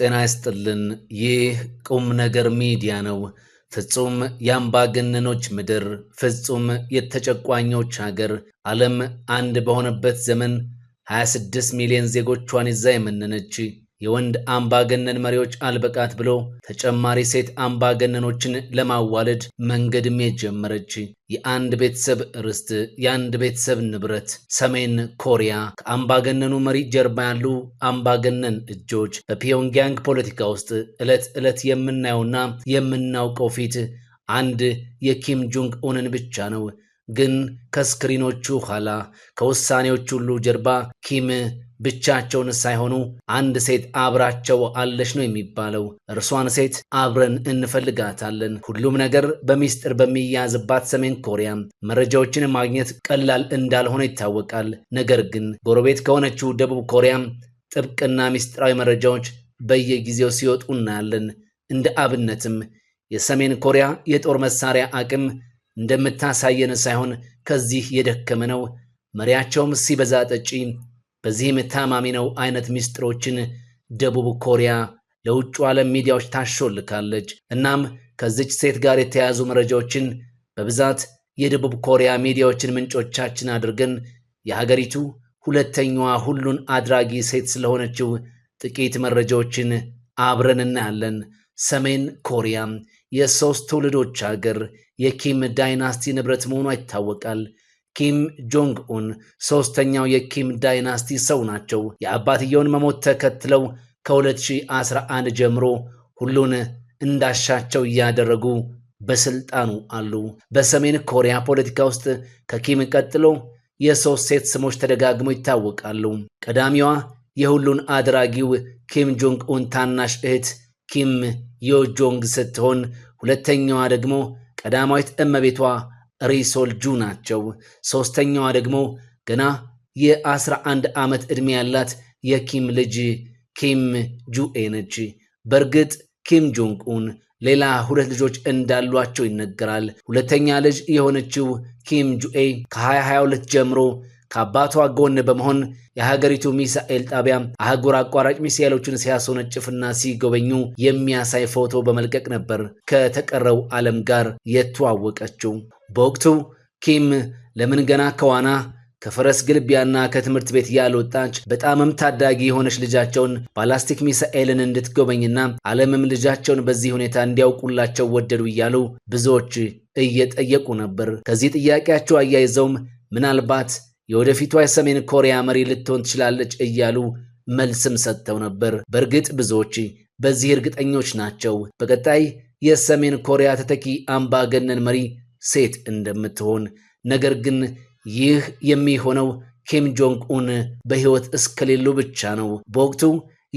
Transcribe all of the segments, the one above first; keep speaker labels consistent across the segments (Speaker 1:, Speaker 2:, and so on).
Speaker 1: ጤና ይስጥልን። ይህ ቁም ነገር ሚዲያ ነው። ፍጹም የአምባገነኖች ምድር፣ ፍጹም የተጨቋኞች ሀገር፣ ዓለም አንድ በሆነበት ዘመን 26 ሚሊዮን ዜጎቿን ይዛ የመነነች የወንድ አምባገነን መሪዎች አልበቃት ብሎ ተጨማሪ ሴት አምባገነኖችን ለማዋለድ መንገድም የጀመረች የአንድ ቤተሰብ ርስት፣ የአንድ ቤተሰብ ንብረት ሰሜን ኮሪያ ከአምባገነኑ መሪ ጀርባ ያሉ አምባገነን እጆች በፒዮንግያንግ ፖለቲካ ውስጥ ዕለት ዕለት የምናየውና የምናውቀው ፊት አንድ የኪም ጆንግ ኡንን ብቻ ነው። ግን ከስክሪኖቹ ኋላ ከውሳኔዎች ሁሉ ጀርባ ኪም ብቻቸውን ሳይሆኑ አንድ ሴት አብራቸው አለች ነው የሚባለው። እርሷን ሴት አብረን እንፈልጋታለን። ሁሉም ነገር በሚስጥር በሚያዝባት ሰሜን ኮሪያ መረጃዎችን ማግኘት ቀላል እንዳልሆነ ይታወቃል። ነገር ግን ጎረቤት ከሆነችው ደቡብ ኮሪያ ጥብቅና ሚስጥራዊ መረጃዎች በየጊዜው ሲወጡ እናያለን። እንደ አብነትም የሰሜን ኮሪያ የጦር መሳሪያ አቅም እንደምታሳየን ሳይሆን ከዚህ የደከመ ነው፣ መሪያቸውም ሲበዛ ጠጪ፣ በዚህም ታማሚ ነው አይነት ምስጢሮችን ደቡብ ኮሪያ ለውጩ ዓለም ሚዲያዎች ታሾልካለች። እናም ከዚች ሴት ጋር የተያያዙ መረጃዎችን በብዛት የደቡብ ኮሪያ ሚዲያዎችን ምንጮቻችን አድርገን የሀገሪቱ ሁለተኛዋ ሁሉን አድራጊ ሴት ስለሆነችው ጥቂት መረጃዎችን አብረን እናያለን። ሰሜን ኮሪያ የሶስት ትውልዶች አገር የኪም ዳይናስቲ ንብረት መሆኗ ይታወቃል። ኪም ጆንግ ኡን ሶስተኛው የኪም ዳይናስቲ ሰው ናቸው። የአባትየውን መሞት ተከትለው ከ2011 ጀምሮ ሁሉን እንዳሻቸው እያደረጉ በስልጣኑ አሉ። በሰሜን ኮሪያ ፖለቲካ ውስጥ ከኪም ቀጥሎ የሶስት ሴት ስሞች ተደጋግመው ይታወቃሉ። ቀዳሚዋ የሁሉን አድራጊው ኪም ጆንግ ኡን ታናሽ እህት ኪም ዮጆንግ ስትሆን ሁለተኛዋ ደግሞ ቀዳማዊት እመቤቷ ሪሶልጁ ናቸው። ሦስተኛዋ ደግሞ ገና የ11 ዓመት ዕድሜ ያላት የኪም ልጅ ኪም ጁኤ ነች። በእርግጥ ኪም ጆንግ ኡን ሌላ ሁለት ልጆች እንዳሏቸው ይነገራል። ሁለተኛ ልጅ የሆነችው ኪም ጁኤ ከ2022 ጀምሮ ከአባቷ ጎን በመሆን የሀገሪቱ ሚሳኤል ጣቢያ አህጉር አቋራጭ ሚሳኤሎችን ሲያስወነጭፍና ሲጎበኙ የሚያሳይ ፎቶ በመልቀቅ ነበር ከተቀረው ዓለም ጋር የተዋወቀችው። በወቅቱ ኪም ለምን ገና ከዋና ከፈረስ ግልቢያና ከትምህርት ቤት ያልወጣች በጣምም ታዳጊ የሆነች ልጃቸውን ባላስቲክ ሚሳኤልን እንድትጎበኝና ዓለምም ልጃቸውን በዚህ ሁኔታ እንዲያውቁላቸው ወደዱ እያሉ ብዙዎች እየጠየቁ ነበር። ከዚህ ጥያቄያቸው አያይዘውም ምናልባት የወደፊቷ የሰሜን ኮሪያ መሪ ልትሆን ትችላለች እያሉ መልስም ሰጥተው ነበር። በእርግጥ ብዙዎች በዚህ እርግጠኞች ናቸው። በቀጣይ የሰሜን ኮሪያ ተተኪ አምባገነን መሪ ሴት እንደምትሆን ነገር ግን ይህ የሚሆነው ኪም ጆንግ ኡን በሕይወት እስከሌሉ ብቻ ነው። በወቅቱ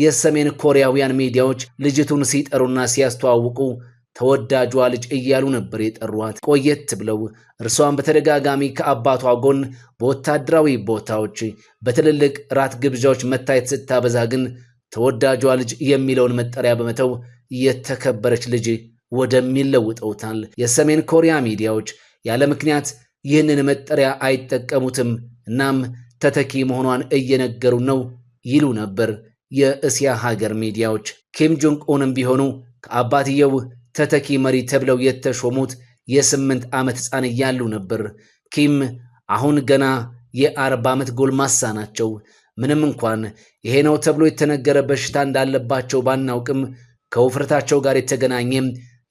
Speaker 1: የሰሜን ኮሪያውያን ሚዲያዎች ልጅቱን ሲጠሩና ሲያስተዋውቁ ተወዳጇ ልጅ እያሉ ነበር የጠሯት። ቆየት ብለው እርሷን በተደጋጋሚ ከአባቷ ጎን በወታደራዊ ቦታዎች፣ በትልልቅ ራት ግብዣዎች መታየት ስታበዛ ግን ተወዳጇ ልጅ የሚለውን መጠሪያ በመተው የተከበረች ልጅ ወደሚል ለውጠውታል። የሰሜን ኮሪያ ሚዲያዎች ያለ ምክንያት ይህንን መጠሪያ አይጠቀሙትም፣ እናም ተተኪ መሆኗን እየነገሩ ነው ይሉ ነበር የእስያ ሀገር ሚዲያዎች። ኪም ጆንግ ኡንም ቢሆኑ ከአባትየው ተተኪ መሪ ተብለው የተሾሙት የስምንት ዓመት ሕፃን እያሉ ነበር። ኪም አሁን ገና የአርባ ዓመት ጎልማሳ ናቸው። ምንም እንኳን ይሄ ነው ተብሎ የተነገረ በሽታ እንዳለባቸው ባናውቅም ከውፍረታቸው ጋር የተገናኘም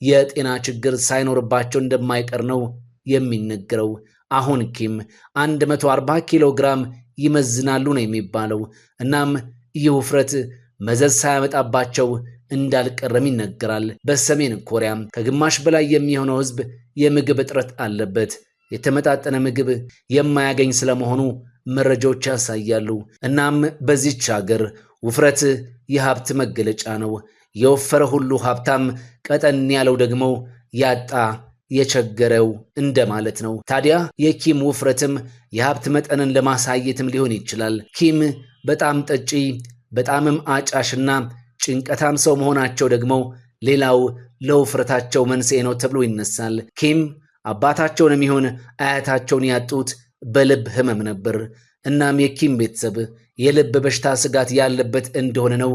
Speaker 1: የጤና ችግር ሳይኖርባቸው እንደማይቀር ነው የሚነገረው። አሁን ኪም 140 ኪሎ ግራም ይመዝናሉ ነው የሚባለው። እናም ይህ ውፍረት መዘዝ ሳያመጣባቸው እንዳልቀረም ይነገራል። በሰሜን ኮሪያም ከግማሽ በላይ የሚሆነው ሕዝብ የምግብ እጥረት አለበት። የተመጣጠነ ምግብ የማያገኝ ስለመሆኑ መረጃዎች ያሳያሉ። እናም በዚች ሀገር ውፍረት የሀብት መገለጫ ነው። የወፈረ ሁሉ ሀብታም፣ ቀጠን ያለው ደግሞ ያጣ የቸገረው እንደማለት ነው። ታዲያ የኪም ውፍረትም የሀብት መጠንን ለማሳየትም ሊሆን ይችላል። ኪም በጣም ጠጪ፣ በጣምም አጫሽና ጭንቀታም ሰው መሆናቸው ደግሞ ሌላው ለውፍረታቸው መንስኤ ነው ተብሎ ይነሳል። ኪም አባታቸውን የሚሆን አያታቸውን ያጡት በልብ ህመም ነበር። እናም የኪም ቤተሰብ የልብ በሽታ ስጋት ያለበት እንደሆነ ነው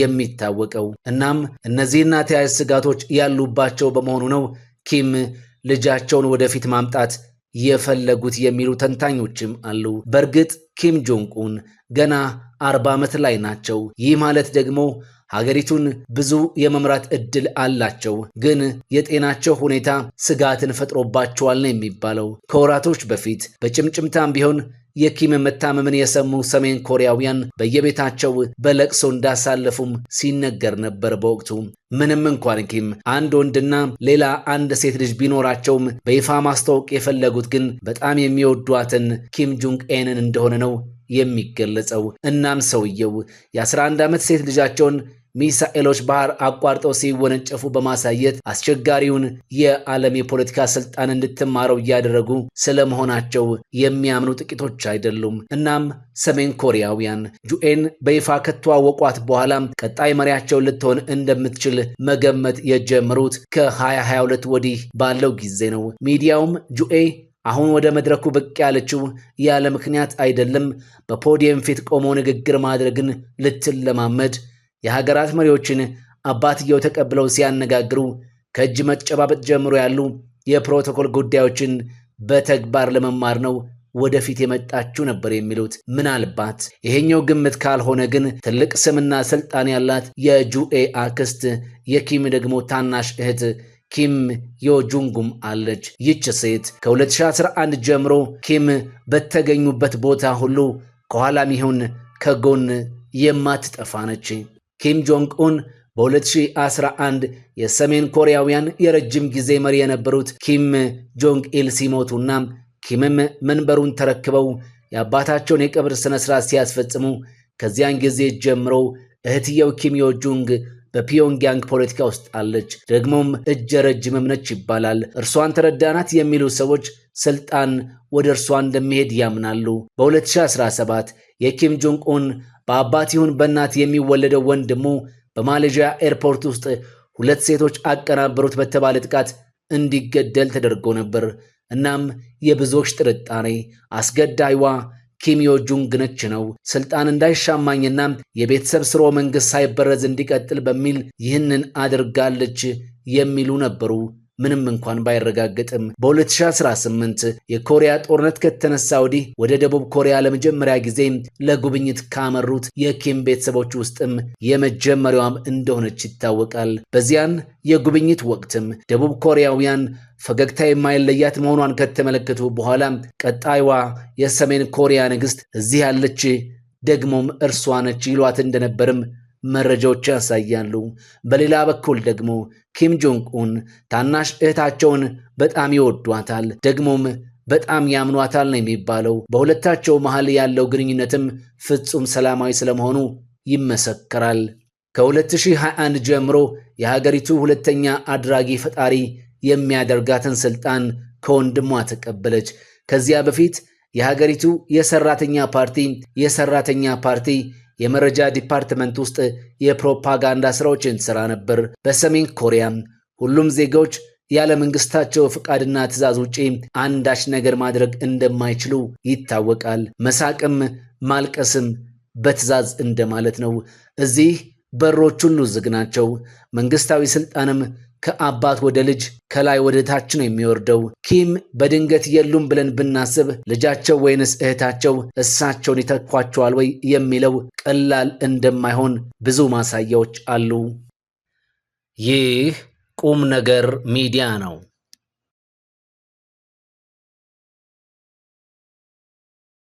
Speaker 1: የሚታወቀው። እናም እነዚህና ተያያዥ ስጋቶች ያሉባቸው በመሆኑ ነው ኪም ልጃቸውን ወደፊት ማምጣት የፈለጉት የሚሉ ተንታኞችም አሉ። በእርግጥ ኪም ጆንቁን ገና አርባ ዓመት ላይ ናቸው። ይህ ማለት ደግሞ ሀገሪቱን ብዙ የመምራት እድል አላቸው፣ ግን የጤናቸው ሁኔታ ስጋትን ፈጥሮባቸዋል ነው የሚባለው። ከወራቶች በፊት በጭምጭምታም ቢሆን የኪም መታመምን የሰሙ ሰሜን ኮሪያውያን በየቤታቸው በለቅሶ እንዳሳለፉም ሲነገር ነበር። በወቅቱ ምንም እንኳን ኪም አንድ ወንድና ሌላ አንድ ሴት ልጅ ቢኖራቸውም በይፋ ማስታወቅ የፈለጉት ግን በጣም የሚወዷትን ኪም ጁንግ ኤንን እንደሆነ ነው የሚገለጸው። እናም ሰውየው የ11 ዓመት ሴት ልጃቸውን ሚሳኤሎች ባህር አቋርጠው ሲወነጨፉ በማሳየት አስቸጋሪውን የዓለም የፖለቲካ ስልጣን እንድትማረው እያደረጉ ስለመሆናቸው የሚያምኑ ጥቂቶች አይደሉም። እናም ሰሜን ኮሪያውያን ጁኤን በይፋ ከተዋወቋት በኋላም ቀጣይ መሪያቸው ልትሆን እንደምትችል መገመት የጀመሩት ከ2022 ወዲህ ባለው ጊዜ ነው። ሚዲያውም ጁኤ አሁን ወደ መድረኩ ብቅ ያለችው ያለ ምክንያት አይደለም። በፖዲየም ፊት ቆሞ ንግግር ማድረግን ልትለማመድ የሀገራት መሪዎችን አባትየው ተቀብለው ሲያነጋግሩ ከእጅ መጨባበጥ ጀምሮ ያሉ የፕሮቶኮል ጉዳዮችን በተግባር ለመማር ነው ወደፊት የመጣችው ነበር የሚሉት። ምናልባት ይሄኛው ግምት ካልሆነ ግን ትልቅ ስምና ስልጣን ያላት የጁኤ አክስት የኪም ደግሞ ታናሽ እህት ኪም ዮጁንጉም አለች። ይች ሴት ከ2011 ጀምሮ ኪም በተገኙበት ቦታ ሁሉ ከኋላም ይሁን ከጎን የማትጠፋ ነች። ኪም ጆንግ ኡን በ2011 የሰሜን ኮሪያውያን የረጅም ጊዜ መሪ የነበሩት ኪም ጆንግ ኢል ሲሞቱና ኪምም መንበሩን ተረክበው የአባታቸውን የቀብር ሥነ ሥርዓት ሲያስፈጽሙ ከዚያን ጊዜ ጀምሮ እህትየው ኪም በፒዮንግያንግ ፖለቲካ ውስጥ አለች፣ ደግሞም እጀ ረጅምም ነች ይባላል። እርሷን ተረዳናት የሚሉ ሰዎች ስልጣን ወደ እርሷ እንደሚሄድ ያምናሉ። በ2017 የኪም ጆንግ ኡን በአባት ይሁን በእናት የሚወለደው ወንድሙ በማሌዥያ ኤርፖርት ውስጥ ሁለት ሴቶች አቀናበሩት በተባለ ጥቃት እንዲገደል ተደርጎ ነበር። እናም የብዙዎች ጥርጣሬ አስገዳይዋ ጁንግ ነች ነው። ስልጣን እንዳይሻማኝና የቤተሰብ ስርወ መንግስት ሳይበረዝ እንዲቀጥል በሚል ይህንን አድርጋለች የሚሉ ነበሩ። ምንም እንኳን ባይረጋገጥም በ2018 የኮሪያ ጦርነት ከተነሳ ወዲህ ወደ ደቡብ ኮሪያ ለመጀመሪያ ጊዜ ለጉብኝት ካመሩት የኪም ቤተሰቦች ውስጥም የመጀመሪያዋም እንደሆነች ይታወቃል። በዚያን የጉብኝት ወቅትም ደቡብ ኮሪያውያን ፈገግታ የማይለያት መሆኗን ከተመለከቱ በኋላ ቀጣይዋ የሰሜን ኮሪያ ንግሥት እዚህ ያለች ደግሞም እርሷ ነች ይሏት እንደነበርም መረጃዎች ያሳያሉ። በሌላ በኩል ደግሞ ኪም ጆንግ ኡን ታናሽ እህታቸውን በጣም ይወዷታል፣ ደግሞም በጣም ያምኗታል ነው የሚባለው። በሁለታቸው መሃል ያለው ግንኙነትም ፍጹም ሰላማዊ ስለመሆኑ ይመሰከራል። ከ2021 ጀምሮ የሀገሪቱ ሁለተኛ አድራጊ ፈጣሪ የሚያደርጋትን ስልጣን ከወንድሟ ተቀበለች። ከዚያ በፊት የሀገሪቱ የሰራተኛ ፓርቲ የሰራተኛ ፓርቲ የመረጃ ዲፓርትመንት ውስጥ የፕሮፓጋንዳ ስራዎችን ትሰራ ነበር። በሰሜን ኮሪያም ሁሉም ዜጋዎች ያለ መንግስታቸው ፍቃድና ትዕዛዝ ውጪ አንዳች ነገር ማድረግ እንደማይችሉ ይታወቃል። መሳቅም ማልቀስም በትዛዝ እንደማለት ነው። እዚህ በሮች ሁሉ ዝግ ናቸው። መንግስታዊ ስልጣንም ከአባት ወደ ልጅ ከላይ ወደ ታች ነው የሚወርደው። ኪም በድንገት የሉም ብለን ብናስብ ልጃቸው ወይንስ እህታቸው እሳቸውን ይተኳቸዋል ወይ የሚለው ቀላል እንደማይሆን ብዙ ማሳያዎች አሉ። ይህ ቁም ነገር ሚዲያ ነው።